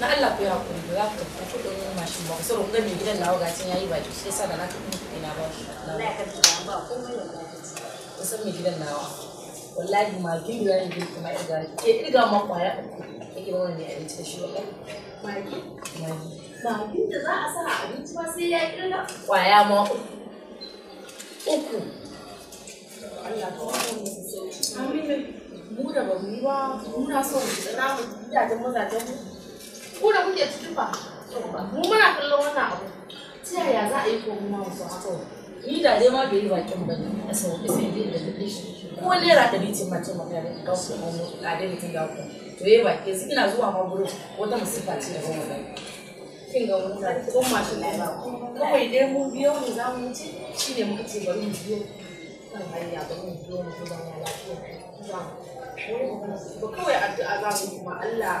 na Allah ku ya hakuri ba za ku tafi kuɗin mashin ba kusa rungar mai gidan nawa gacin yayi baki shi yasa da na kuɗin kuɗi na ba shi wallahi kan ta ba komai wallahi san mai gidan nawa wallahi ma gin da yayin gin kuma irga ke irga ma kwaya yake ba wani abinci da shi wallahi magi magi ba abin da za a sa abinci ba sai ya kirga kwaya ma uku Allah ka wani musu sauki amin mu da ba mu yi ba na so mu tsira mu gidajen mazajen mu ku da kuke cikin mu muna kallon wannan abu ta yaya za a yi ko muna wasu haka ni da dai ma bai yi bakin ba ne a sauƙi sai dai da duk shi ko naira ɗari ce mace magana da kawo kuma a dai mutum da ku to yayi baki yanzu ina zuwa ma gurin wata musifa ce da ban wadai kin ga mun da ko mashin da ba kawai dai mu biyo mu za mu ci shi ne muka ce bari mu biyo kan hanya bari mu biyo mu zuwa lafiya ba kawai addu'a za mu yi ma Allah